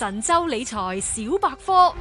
神州理財小百科，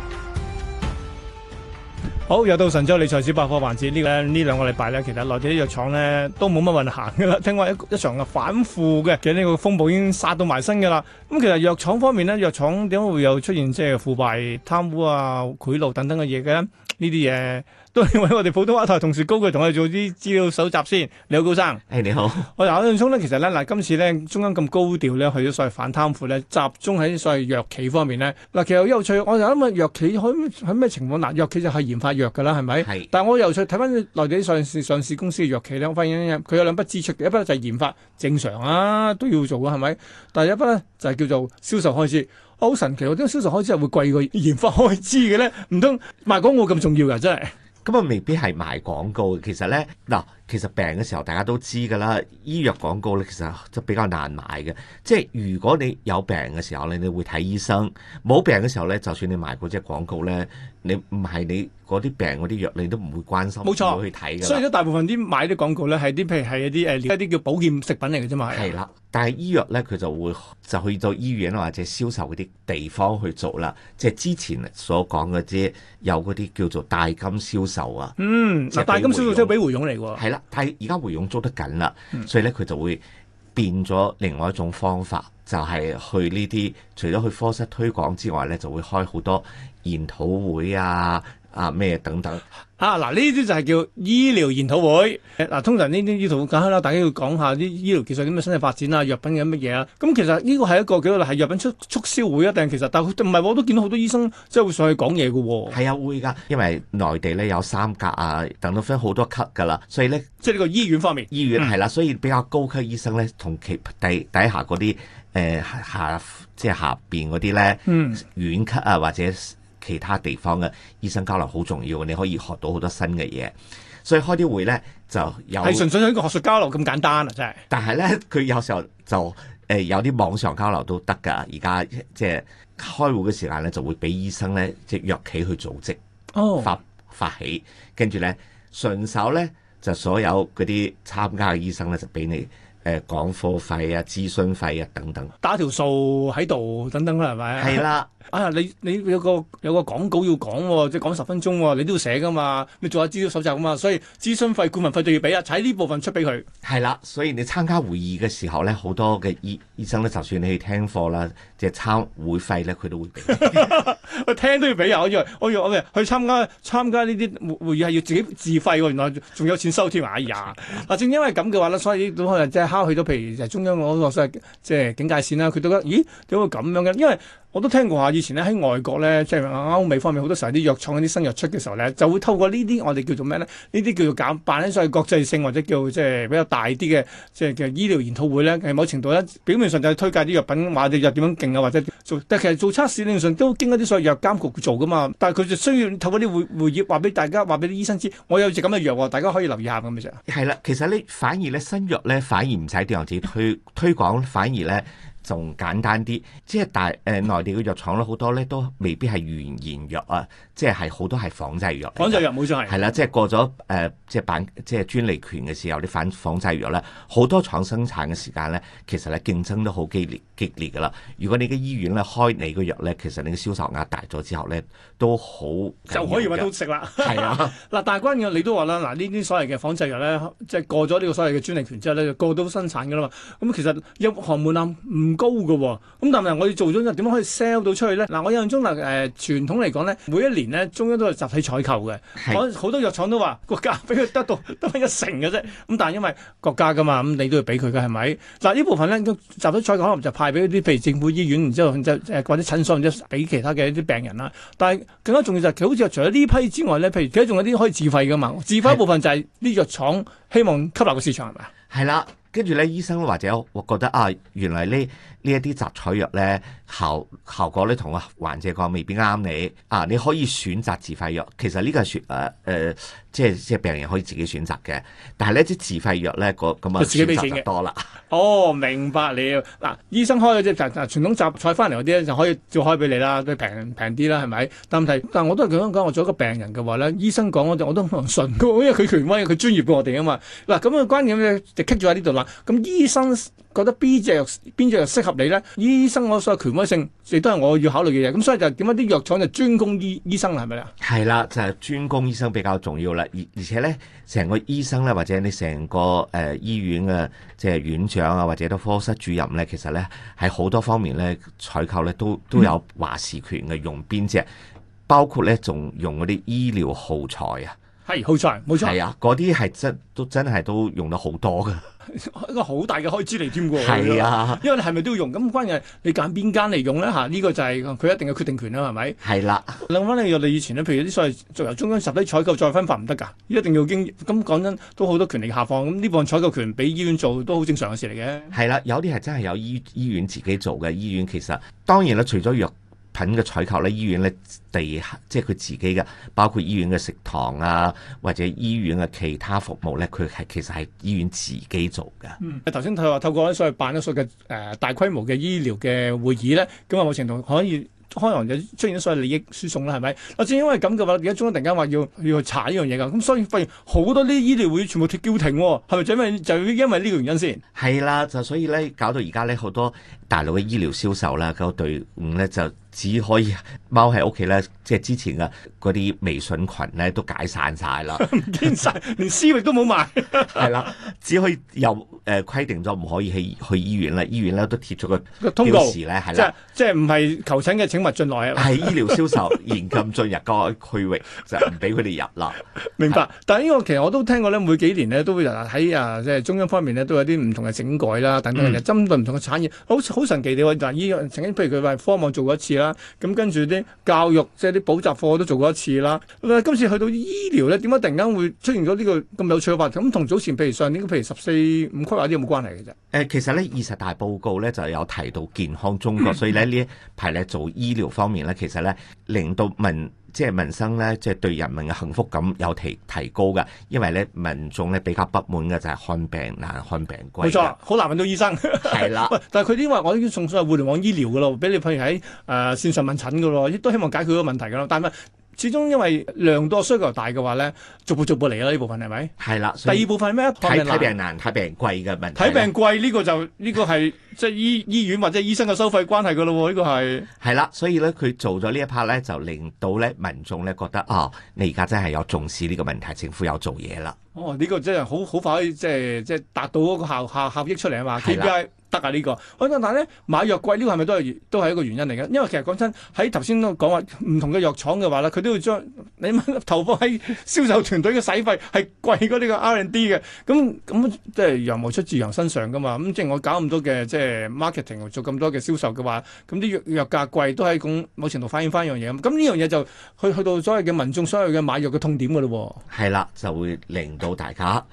好，又到神州理財小百科環節。呢個呢兩個禮拜咧，其實內地啲藥廠咧都冇乜運行噶啦。聽聞一一場嘅反腐嘅，其實呢個風暴已經殺到埋身噶啦。咁、嗯、其實藥廠方面咧，藥廠點解會有出現即係腐敗、貪污啊、賄賂等等嘅嘢嘅呢啲嘢？ 我哋普通話台同事高佢同我哋做啲資料搜集先。你好，高生。誒，hey, 你好。我嗱，阿鄭聰呢，其實呢，嗱，今次呢，中央咁高調呢，去咗所謂反貪腐呢，集中喺所謂藥企方面呢。嗱，其實好有趣，我就諗問藥企喺喺咩情況？嗱，藥企就係研發藥嘅啦，係咪？是但係我有趣睇翻內地上市上市公司嘅藥企呢，我發現佢有兩筆支出嘅，一筆就係研發正常啊，都要做嘅係咪？但係一筆呢，就係、是、叫做銷售開支。我、哦、好神奇，我點解銷售開支係會貴過研發開支嘅呢？唔通賣廣告咁重要㗎、啊？真係。咁啊，未必係賣廣告嘅，其實咧，嗱。其實病嘅時候大家都知噶啦，醫藥廣告咧其實就比較難買嘅。即係如果你有病嘅時候咧，你會睇醫生；冇病嘅時候咧，就算你買嗰隻廣告咧，你唔係你嗰啲病嗰啲藥，你都唔會關心，冇錯錯，去睇嘅。所以大部分啲買啲廣告咧，係啲譬如係一啲誒一啲叫保健食品嚟嘅啫嘛。係啦，但係醫藥咧，佢就會就去到醫院或者銷售嗰啲地方去做啦。即係之前所講嘅啫，有嗰啲叫做帶金銷售啊。嗯，帶金銷售即係俾回佣嚟㗎。係啦。但係而家回佣捉得緊啦，所以咧佢就會變咗另外一種方法，就係、是、去呢啲除咗去科室推廣之外咧，就會開好多研討會啊。啊咩等等啊嗱呢啲就係叫醫療研討會。嗱、啊、通常呢啲要同梗係啦，大家要講下啲醫療技術啲咩新嘅發展啊、藥品有乜嘢啊。咁、嗯、其實呢個係一個幾多啦？係藥品促促銷會啊？定其實但係唔係我都見到好多醫生即係會上去講嘢嘅。係啊會噶，因為內地咧有三甲啊，等到分好多級噶啦，所以咧即係呢個醫院方面，醫院係啦、嗯，所以比較高級醫生咧同其底底下嗰啲誒下，下即係下邊嗰啲咧，院、嗯、級啊或者。其他地方嘅醫生交流好重要，你可以學到好多新嘅嘢，所以開啲會咧就有係純粹一個學術交流咁簡單啊！真係，但係咧佢有時候就誒、呃、有啲網上交流都得噶。而家即係開會嘅時間咧，就會俾醫生咧即係藥企去組織哦，發發起，跟住咧順手咧就所有嗰啲參加嘅醫生咧就俾你誒、呃、講課費啊、諮詢費啊等等，打條數喺度等等啦，係咪？係啦的。 啊！你你有個有個講稿要講，哦，即係講十分鐘，哦，你都要寫噶嘛？你做下資料搜集嘛？所以諮詢費、顧問費都要俾啊！喺呢部分出俾佢。係啦，所以你參加會議嘅時候咧，好多嘅醫醫生咧，就算你去聽課啦，即係參會費咧，佢都會俾。去聽都要俾啊！我以為我以為，我以為去參加參加呢啲會議係要自己自費，啊，原來仲有錢收添啊！哎、呀，嗱，正因為咁嘅話咧，所以都可能即係敲去到，譬如就係中央嗰個所謂即係警戒綫啦，佢都覺得咦點會咁樣嘅？因為我都聽過下，以前呢喺外國呢，即係歐美方面，好多時候啲藥廠啲新藥出嘅時候呢，就會透過呢啲我哋叫做咩呢？呢啲叫做搞辦一啲所謂國際性，或者叫即係比較大啲嘅即係叫醫療研討會呢，某程度呢，表面上就推介啲藥品，話啲藥點樣勁啊，或者做，但其實做測試正常都經嗰啲所謂藥監局做㗎嘛。但係佢就需要透過啲會會議話俾大家，話俾啲醫生知，我有隻咁嘅藥，大家可以留意下咁咪啫。係啦，其實呢，反而呢，新藥呢，反而唔使點樣子推推廣，反而呢。仲簡單啲，即係大誒內、呃、地嘅藥廠咧，好多咧都未必係原研藥啊，即係係好多係仿製藥。仿製藥冇錯係。係啦，即係過咗誒、呃，即係版，即係專利權嘅時候，啲反仿製藥咧，好多廠生產嘅時間咧，其實咧競爭都好激烈激烈噶啦。如果你嘅醫院咧開你嘅藥咧，其實你嘅銷售額大咗之後咧，都好就可以揾到食啦。係 啊的，嗱， 但係關嘅你都話啦，嗱呢啲所謂嘅仿製藥咧，即係過咗呢個所謂嘅專利權之後咧，就過到生產噶啦嘛。咁其實一巷滿籃唔～不不高嘅喎、哦，咁但係我哋做咗，又點樣可以 sell 到出去呢？嗱、呃，我印象中嗱，誒、呃，傳統嚟講呢，每一年呢，中央都係集體採購嘅，好的多藥廠都話國家俾佢得到得翻一成嘅啫。咁但係因為國家噶嘛，咁你都要俾佢嘅係咪？嗱呢、呃、部分呢，集體採購可能就派俾啲譬如政府醫院，然之後或者診所，然者俾其他嘅一啲病人啦。但係更加重要就係，佢好似除咗呢批之外呢，譬如其實仲有啲可以自費噶嘛，自費部分就係呢藥廠希望吸納個市場係咪啊？係啦。跟住咧，醫生或者我覺得啊，原來呢呢一啲集採藥咧效效果咧同個患者講未必啱你啊，你可以選擇自費藥。其實呢個係誒誒，即係即係病人可以自己選擇嘅。但係呢啲自費藥咧，咁啊，自己俾錢嘅多啦。哦，明白了。嗱，醫生開咗啲就嗱傳統集採翻嚟嗰啲咧就可以照開俾你啦，佢平平啲啦，係咪？但問題，但係我都係咁樣講，我做一個病人嘅話咧，醫生講嗰啲我都信，因為佢權威，佢專業過我哋啊嘛。嗱咁啊，關鍵嘅就棘咗喺呢度。咁醫生覺得邊隻藥邊隻藥適合你呢？醫生我所有權威性亦都係我要考慮嘅嘢。咁所以就點解啲藥廠就專攻醫醫生啦？係咪啊？係啦，就係、是、專攻醫生比較重要啦。而而且呢，成個醫生呢，或者你成個誒、呃、醫院嘅、啊、即係院長啊，或者都科室主任呢，其實呢，喺好多方面呢，採購呢，都都有話事權嘅，用邊隻，嗯、包括呢，仲用嗰啲醫療耗材啊。係，好彩，冇錯。係啊，嗰啲係真都真係都用得好多㗎，一個好大嘅開支嚟添喎。係啊，因為你係咪都要用？咁關鍵係你揀邊間嚟用咧嚇？呢、這個就係佢一定嘅決定權啦，係咪？係啦、啊。諗翻你我哋以前咧，譬如啲所謂做由中央實體採購再分發唔得㗎，一定要經咁講真，都好多權力下放。咁呢部分採購權俾醫院做都好正常嘅事嚟嘅。係啦、啊，有啲係真係有醫醫院自己做嘅。醫院其實當然啦，除咗藥。品嘅採購咧，醫院咧地即係佢自己嘅，包括醫院嘅食堂啊，或者醫院嘅其他服務咧，佢係其實係醫院自己做嘅。嗯，頭先佢話透過所謂辦咗所謂嘅誒大規模嘅醫療嘅會議咧，咁有冇程度可以可行就出現咗所謂利益輸送啦？係咪？啊，正因為咁嘅話，而家中央突然間話要要去查呢樣嘢嘅，咁所以發現好多啲醫療會全部脱叫停喎，係咪？因為就因為呢個原因先係啦，就所以咧搞到而家咧好多大陸嘅醫療銷售啦、個隊伍咧就。只可以踎喺屋企咧，即係之前嘅嗰啲微信群咧都解散晒啦，唔見曬，連私域都冇埋，係 啦了， 只可以又誒、呃、規定咗唔可以去去醫院啦，醫院咧都貼咗個時通告咧係啦，的即係唔係求診嘅請勿進來啊，係醫療銷售嚴禁進入個區域就唔俾佢哋入啦， 明白？是但係呢個其實我都聽過咧，每幾年咧都會有喺啊，即係中央方面咧都有啲唔同嘅整改啦，等等嘅，針對唔同嘅產業，好神好神奇你喎，嗱，依曾經譬如佢話科網做過一,一次。咁跟住啲教育，即係啲補習課都做過一次啦。今次去到醫療咧，點解突然間會出現咗呢個咁有趣嘅話題？咁同早前譬如上年譬如十四五規劃啲有冇關係嘅啫？誒， 其實咧，二十大報告咧就有提到健康中國，所以咧呢一排咧做醫療方面咧，其實咧令到民。即係民生咧，即係對人民嘅幸福感有提提高嘅，因為咧民眾咧比較不滿嘅就係看病難、看病貴。冇錯，好難搵到醫生。係 啦的。但係佢啲話我已經送上去互聯網醫療噶咯，俾你譬如喺誒、呃、線上問診噶咯，亦都希望解決個問題噶啦，但係。始終因為量多需求大嘅話咧，逐步逐步嚟咯，呢部分係咪？係啦。第二部分咩？睇病難，睇病，病貴嘅問題。睇病貴呢、這個就呢、這個係 即係醫醫院或者醫生嘅收費關係噶咯，呢、這個係。係啦，所以咧佢做咗呢一 part 咧，就令到咧民眾咧覺得啊、哦，你而家真係有重視呢個問題，政府有做嘢啦。哦，呢、這個真係好好快即係即係達到嗰個效效效益出嚟啊嘛 KPI 得啊呢、呢個，咁但係咧買藥貴呢個係咪都係都係一個原因嚟嘅？因為其實講真，喺頭先都講話唔同嘅藥廠嘅話啦，佢都要將你投放喺銷售團隊嘅使費係貴過呢個 R&D 嘅，咁咁即係羊毛出自羊身上噶嘛？咁、嗯、即係我搞咁多嘅即係、就是、marketing 做咁多嘅銷售嘅話，咁、嗯、啲藥藥價貴都係咁某程度反映翻一、嗯嗯、樣嘢。咁呢樣嘢就去去到所謂嘅民眾所謂嘅買藥嘅痛點㗎咯喎。係啦，就會令到大家。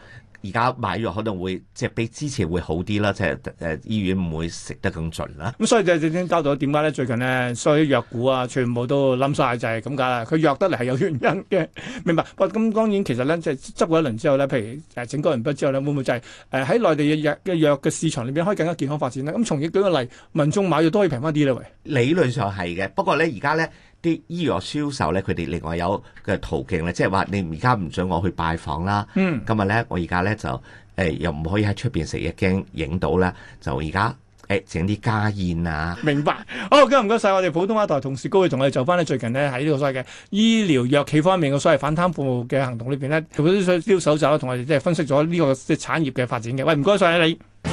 而家買藥可能會即係比之前會好啲啦，即係誒、呃、醫院唔會食得咁盡啦。咁、嗯、所以就正正交代咗點解咧？最近呢，所有藥股啊，全部都冧晒，就係咁解啦。佢弱得嚟係有原因嘅，明白。不、啊、咁當然其實咧，即係執過一輪之後咧，譬如誒整過一輪之後咧，會唔會就係誒喺內地嘅藥嘅藥嘅市場裏邊可以更加健康發展咧？咁、嗯、從而舉個例，民眾買藥都可以平翻啲咧。理論上係嘅，不過咧而家咧。啲醫藥銷售咧，佢哋另外有嘅途徑咧，即係話你而家唔準我去拜訪啦。嗯，今日咧，我而家咧就誒、哎、又唔可以喺出邊食嘢，驚影到啦。就而家誒整啲家宴啊，明白。好，咁唔該晒我哋普通話台同事高，同我哋做翻咧最近呢，喺呢個所謂醫療藥企方面嘅所謂反貪腐嘅行動裏邊咧，佢咗啲消消毒手罩，同我哋即係分析咗呢個即係產業嘅發展嘅。喂，唔該晒你。你